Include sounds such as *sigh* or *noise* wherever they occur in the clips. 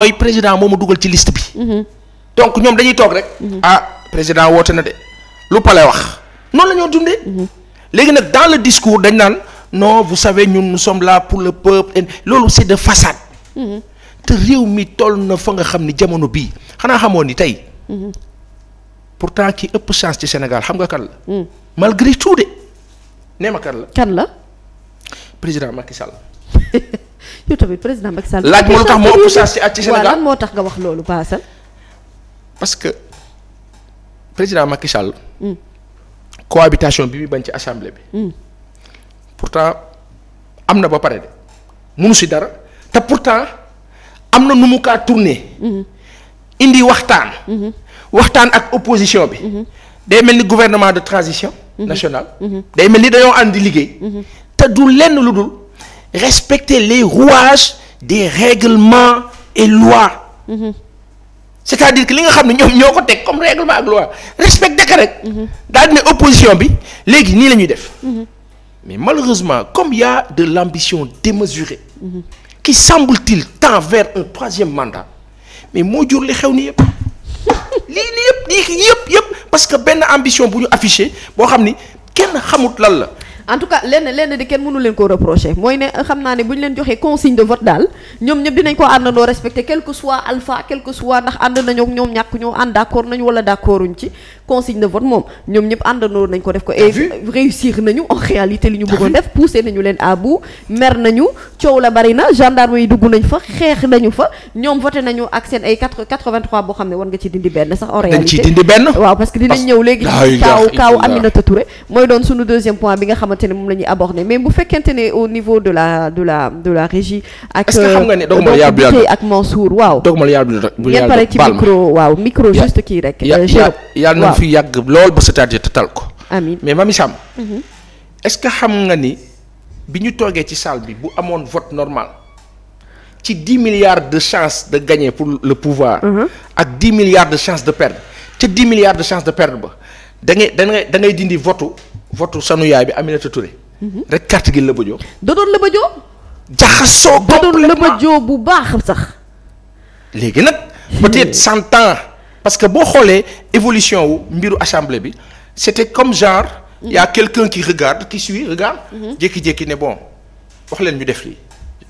mooy président moom ma dugal ci liste bi. Mhm. donc ñoom dañuy toog rek. Mhm. ah président woote na de lu pale wax noonu la ñoo dundee. Mhm. léegi nag dans le discours dañ naan non vous savee ñun nous sommes là pour le peuple loolu c'est de façade. te réew mi toll na fa nga xam ni jamono bii xanaa xamoon ni tey. pourtant ki ëpp chance ci Sénégal xam nga kan la. malgré tout de nee kan la. kan la. président Macky Sall. *laughs* yow tamit président Macky Sall. laaj moo tax moo ëpp loolu paasal. parce que président Macky Sall. Hmm. bi muy bañ ci assemblée bi. Hmm. pourtant am na ba pare de munu si dara te pourtant am na nu mu kaa tourné. Hmm. indi waxtaan. waxtaan ak opposition bi. day mel ni gouvernement de transition. nationale. day mel ni dañoo ànd di liggéey. te du lenn lu dul respecter les rouages des règlements et lois. Mmh. cest a dire que li nga xam ne ñoom ñoo ko teg comme règlement ak loi respecté ko rek. Mhm. daal ne opposition bi léegi nii la ñuy def. Mhm. mais malheureusement comme il y a de l'ambition démesurée. Mmh. qui semble-t-il tend vers un troisième mandat mais moo jur li xew ni yëpp. *laughs* lii nii yëpp lii yëpp yëpp parce que benn ambition bu ñu affiché boo xam ni kenn xamut lan la. en tout cas lenn lenn di kenn mënu leen koo reprocher mooy ne euh, xam naa ne bu ñu leen joxee consigne de vote daal ñoom ñëpp dinañ ko àndandoo respecté quel que soit alpha quel que soit ndax ànd nañoo ñoom ñàkk ñoo ànd d'accord nañu wala d'accorduñ ci consigne de vote moom ñoom ñëpp àndandoo nañ ko def ko ah et réussir nañu en réalité li ñu bëggoon ah def poussé nañu leen à mer nañu coow la bari na gendarme yi dugg nañ fa xeex nañu fa ñoom voté nañu ak seen ay 4 83 boo xam ne war nga ci dindi benn sax en réalité dañ ciy dindi benn waaw parce que dinañ ñëw léegi kaaw kaaw Aminata Touré mooy doon suñu deuxième point bi nga xamante ne moom la ñuy aborder mais bu fekkente ne au niveau de la de la de la régie ak euh, dogmala ak fi yàgg lool ba cest à te tal mais Mamy Samb. Mhm. est-ce que xam nga ni bi ñu toogee ci salle bi bu amoon vote normal ci dix milliards de chances de gagner pour le pouvoir. Mhm. ak dix milliards de chance de perdre ca dix milliards de chances de perdre ba da ngay da ngay dindi votu votu sanu yaay bi Aminata Touré. Mhm. rek carte gi lëbëjoo. dodoon lëbëjoo. jaxasoo complètement dodoon lëbëjoo bu baax sax. léegi nag peut cent ans. parce que boo xoolee évolution wu mbiru assemblée bi c'était comme genre. y a quelqu'un qui regarde qui suit regarde. jékki-jékki ne bon wax leen ñu def lii.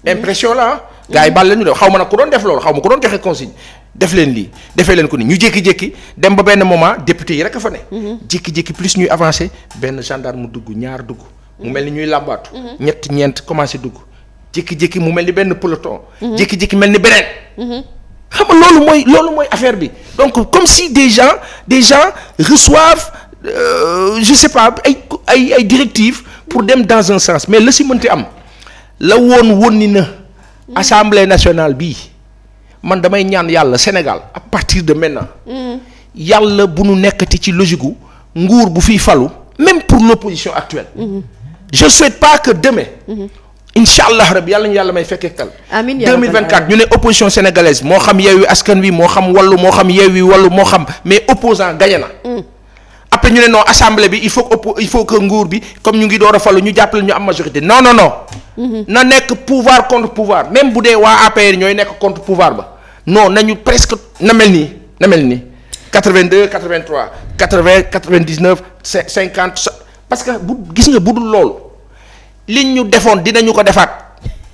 impression la gars yi bal leen ñu def xaw ma nag ku doon def loolu xaw ma ku doon joxe consigne def leen lii defee leen ko nii ñu jékki-jékki dem ba benn moment député yi rek a fa ne. jékki-jékki plus ñuy avancer benn gendarme mu dugg ñaar dugg. mu mel ni ñuy làmbaatu. ñett ñeent commencé dugg. jékki-jékki mu mel ni benn peloton. jékki-jékki mel ni beneen. xam nga loolu mooy loolu mooy affaire bi donc comme si des gens des gens reçoivent euh, je sais pas ay ay ay directives pour dem dans un sens mais la si mënti am la woon woon ni na assemblée nationale bii man damay ñaan yàlla Sénégal à partir de maintenant yàlla bu nu nekkati ci logique gu nguur bu fiy falu même pour l'opposition actuelle mm-hmm. je ne souhaite pas que demain mm-hmm. incha allah rabi yàlla ñu yàlla may fekkee tal. amiin 2024 ñu ne opposition sénégalaise moo xam yeewi askan wi moo xam wallu moo xam yeewi wallu moo xam mais opposant gagné na. Mm. après ñu ne non assemblée bi il faut que il faut que nguur bi comme ñu ngi door a falu ñu jàppale ñu am majorité non non non. Mm-hmm. na nekk pouvoir contre pouvoir même bu dee waa APR ñooy nekk contre pouvoir ba non nañu presque na mel nii na mel nii 82 83 80 99 50 parce que bu gis nga budul loolu. li ñu defoon dinañu ko defaat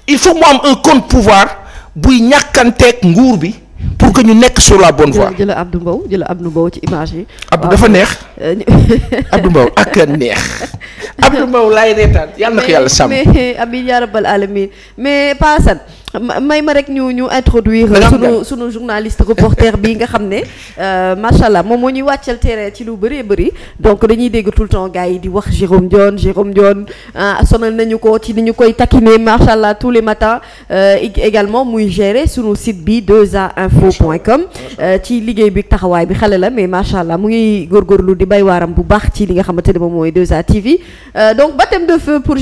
il faut mu am un compte pouvoir buy ñàkkanteeg nguur bi pour que ñu nekk sur la bonne voie. jëla Abdou Mbow jëla Abdou Mbow ci image yi. Abdou dafa neex euh, *laughs* Abdou Mbow ak neex *laughs* Abdou Mbow laay reetaan yàlla na ko yàlla sàmm. mais Amin yaa rabbal alamin mais Pa may ma rek ñu ñu introduire sunu sunu journaliste reporter bi nga xam ne *laughs* euh, macha allah moom moo ñuy wàccal terrain ci lu baree bëri donc dañuy dégg tout le temps gars yi di wax Jérôme Dione Jérôme Dione ah, sonal nañu ko ci ni ñu koy taquiner macha allah tous les matins euh, également muy gérer sunu site bi 2A info point euh, ci liggéey bi taxawaay bi xale la mais macha allah mu ngi góorgóorlu di bay waaram bu baax ci li nga xamante ne moom mooy 2A TV donc baptême de feu pour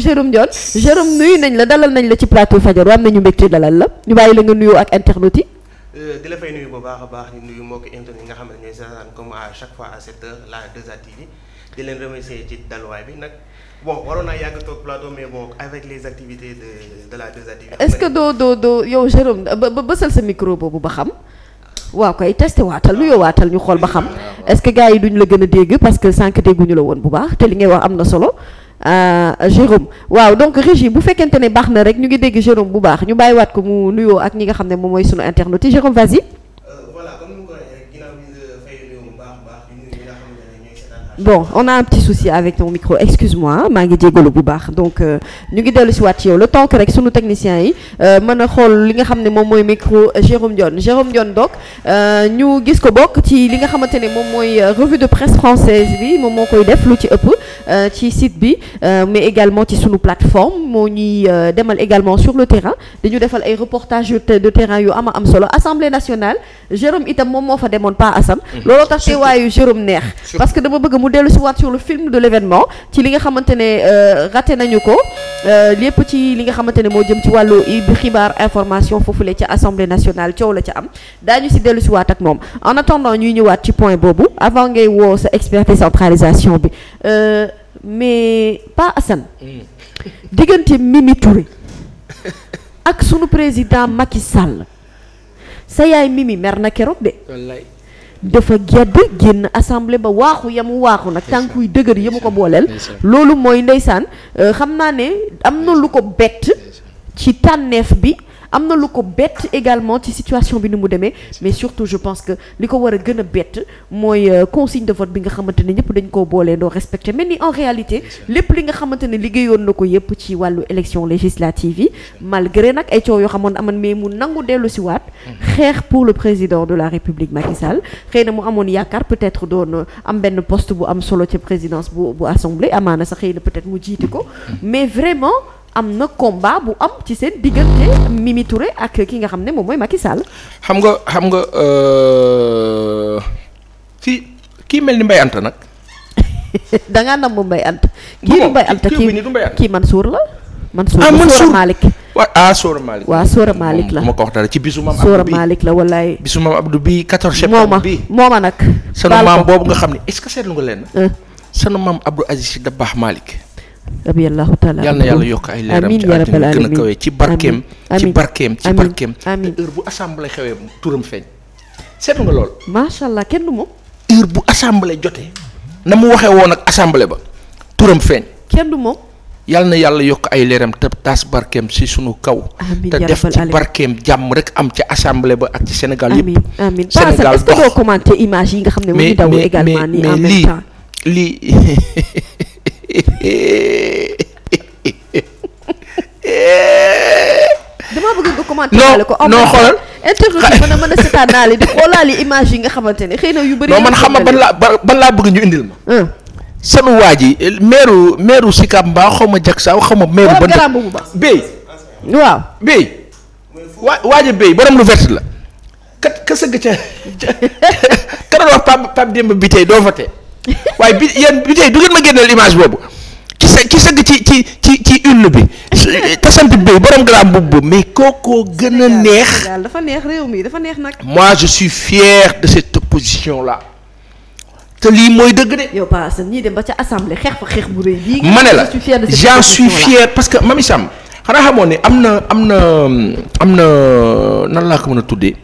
la dalal la ñu bàyyi la nga nuyoo ak internautes yi. Euh, di la fay nuyu bu baax a baax di nuyu mbokki internautes yi nga xam ne ñooy seetaan comme à chaque fois à cette heure la 2A bi nag. bon waroon naa yàgg toog plateau mais bon les activités de la 2A TV. que doo doo doo yow Jérôme ba ba bësal sa micro boobu ba xam. waa koy testé waatal nuyoo waatal ñu xool ba xam. Ah, est-ce yi duñ la gën a dégg parce que sànq dégguñu la woon bu baax te li ngay wax am na solo. Euh, Jérôme waaw donc Régie bu fekkente ne baax na rek ñu ngi dégg Jérôme bu baax ñu bàyyiwaat ko mu nuyoo ak ñi nga xam ne moom mooy sunu internaute yi Jérôme vasi euh, bon on a un petit souci avec ton micro excuse-moi maa ngi jégalu bu baax donc euh, ñu ngi dellu si waat ci yow le temps que rek sunu technicien yi euh, man a xool li nga xam ne moom mooy micro euh, Jérôme Dione Jérôme Dione donc ñu gis ko bokk ci li nga xamante ne moom mooy revue de presse française bi moom moo koy def lu ci ëpp ci site bi mais également ci sunu plateforme moo ñuy demal également sur le terrain dañu defal ay reportages de terrain yu ama am solo Assemblée nationale Jérôme itam moom moo fa demoon pas Assam mhm. dellu si waat sur le film de l'événement ci li nga xamante ne euh, raté nañu ko euh, lépp ci li nga xamante ne moo jëm ci wàllu xibaar information foofu foofule ca assemblée nationale coow la ca am daañu si dellu si waat ak moom en attendant ñuy ñëwaat ci point boobu avant ngay woo sa expert décentralisation bi euh, mais pas Assane hmm. diggante Mimi Touré ak sunu président Macky Sall sa yaay Mimi mer na keroog de. dafa gedd génn assemblée ba waaxu yamu waaxu nag tànkuy dëgër yamu ko booleel loolu mooy ndeysaan euh, xam naa ne am na lu ko bett ci tànneef bi am na lu ko bett également ci situation bi ni mu demee mais surtout je pense que li ko war a gën a bett mooy euh, consigne de vote bi nga xamante ne ñëpp dañ koo boolee doo respecté mais ni en réalité lépp li nga xamante ne liggéeyoon na ko yëpp ci wàllu élection législative yi malgré nag ay coow yoo xamoon amoon mais mu nangu dellu si waat xeex pour le président de la république Macky Sall na mu amoon yaakaar peut-être doon euh, am benn poste bu am solo ci présidence bu bu assemblée amaana sax xëy na être mu jiite ko mais vraiment am na combat bu am ci seen diggante Mimi ak ki nga xam ne moom mooy Macky Sall. xam nga xam nga si euh, kii mel ni Mbaye Anta nag. *laughs* da ngaa namm Mbaye Anta. kii du Mbaye Anta kii kii Mansour la. man ah Mansour Malick. waaw ah Soora Malick. waaw Soora Malick la ma ko wax dara ci bisu maam. Soora Malick la wallaay. bisu maam Abdou bi 14 septembre bi mooma mooma nag. sanu maam boobu nga xam ne est-ce que seetlu nga leen. Euh. sanu maam Abdou Aziz Dabakh Malick. radiyallahu taala yal na yàlla yokk ay leeram amiin yaa rabbal gën a kawee ci barkeem ci barkeem ci heure bu assemblée xewee turam feeñ seetu nga lool macha allah kenn du moom heure bu assemblée jotee na mu waxee woon ak assemblée ba turam feeñ kenn du moom yal na yàlla yokk ay leeram te taas barkeem si sunu kaw te def ci barkeem jàmm rek am ca assemblée ba ak ci Sénégal yëpp amiin Sénégal dox est-ce yi nga xam ne mu ngi lii *laughs* damaa bëgg nga commenté. non ko xoolal. internet bi mën a mën a seetaanaale di xoolaale image yi nga xamante ne xëy na yu bëri. non man xam nga ban laa bëgg ñu indil ma. seen waa ji meeru meeru Sicap Mbao xaw ma Jaksaaw xaw ma meeru. ban garaam waaw béy. waa waa ji béy borom lu vert la. kat ka sëgg ca ca ka bi tey doo fa tee waaye bi yéen bi tey du ngeen ma génneel image boobu ki sa ki sëgg ci ci ci ci une bi te sant bi borom grand mbubb bi mais kookoo gën a neex dafa neex réew mi dafa neex nag. moi je suis fier de cette opposition là. te lii mooy dëgg de. yow Pa Assane ñii dem ba ca assemblée xeex fa xeex bu rëy bii. ma ne la j'en suis fier parce que Mamy Sam xanaa xamoon ne am na am na am na nan laa ko mën a tuddee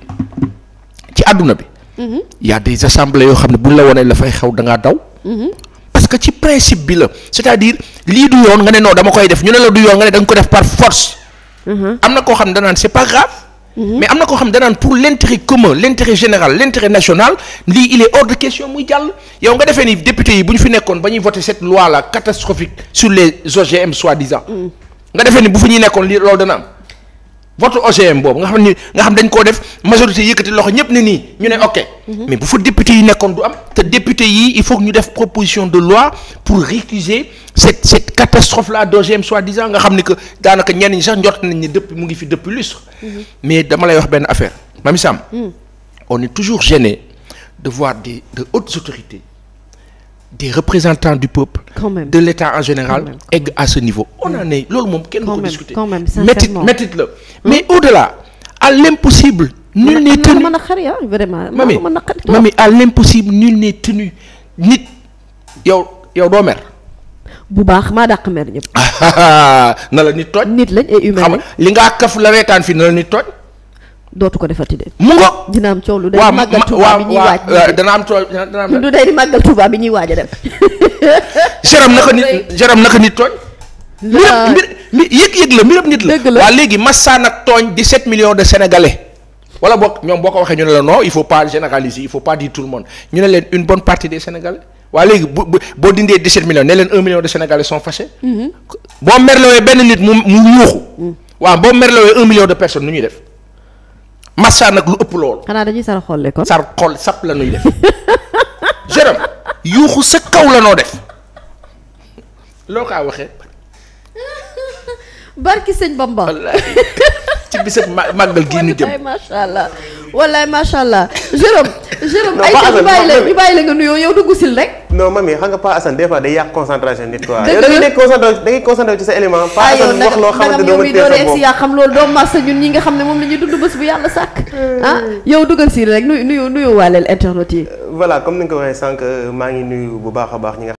ci àdduna bi. Mhm. y a des assemblées yoo xam ne buñ la wanee la fay xew da ngaa daw. Mhm. parce que ci principe bi la c'est-à-dire lii du yoon nga ne non dama koy def ñu ne la du yoon nga ne da nga ko def par force. Mhm. am na koo xam ne danaan c'est pas grave. Mhm. mais am na koo xam ne danaan pour l'intérêt commun l'intérêt général l'intérêt national lii il est hors de question muy jàll. yow nga defe ni député yi bu ñu fi nekkoon ba ñuy voter cette loi là catastrophique sur les OGM soi-disant. nga defe ni bu fi ñuy nekkoon lii loolu dana am. vote OGM boobu nga xam ni nga xam dañ koo def majorité yëkkati loxo ñëpp ne nii ñu ne ok. Mhm. mais bu fa député yi nekkoon du am. te député yi il faut que ñu def proposition de loi pour récuser cette cette catastrophe là d' OGM soi-disant nga xam ni que daanaka ñenn ñi sax njort nañ ni dëpp mu ngi fi depuis lustre. Mhm. mais dama lay wax benn affaire. Mamy Sam. Mhm. on est toujours gêné de voir de hautes autorités. des représentants du peuple. Quand même. de l'État en général. egg à ce n on en moom kenn du ko discuter. quand même quand même métit la. mais mmh. au-delà à l'impossible nul n'est tenu mami mami à l'impossible nul nit yow yow doo mer bu baax maa dàq mer ñëpp *laughs* na la nit tooñ nit lañ et humain li nga kaf la reetaan fii na la nit tooñ dootu ko defati de mu ngo dina am coow lu day bi ñuy waaj dana di màggal Touba bi ñuy waaj a def jérém naka nit *laughs* jérém naka nit tooñ li yëg-yëg la mbiram nit la. waa léegi Massa nag tooñ 17 millions de sénégalais. wala boo ñoom boo ko waxee ñu ne la non il faut pas généraliser il faut pas dire tout le monde ñu ne leen une bonne partie des sénégalais waa léegi bu boo dindee 17 millions ne leen 1 million de sénégalais sont fâchés. Mm-hmm. boo merlooyee benn nit mu mu yuuxu. Mm. waaw boo merlooyee 1 million de personnes nu ñuy def. Massa nag lu ëpp loolu. xanaa dañuy sar xolle kon. sar xol sap la ñuy yuuxu sa kaw la noo def. loo kaa barki sëñ Bamba. ci bisab màggal gii ñu jëm macha allah wallaay macha allah Jérôme. Jérôme ay ñu bàyyi la ñu bàyyi la nga nuyoo yow dugg sil rek. non mami xam nga Pa Assane des day yàq concentration nit quoi. dëgg la da ngay concentré ci sa élément. Pa Assane wax loo xamante ne moom teel a yaa xam loolu doomu massa ñun ñi nga xam ne moom la ñuy dund bés bu yàlla sàkk. ah si rek nuyu nuyu nuyu waaleel internet yi. Euh, comme ni nga ko waxee sànq maa ngi nuyu bu baax a baax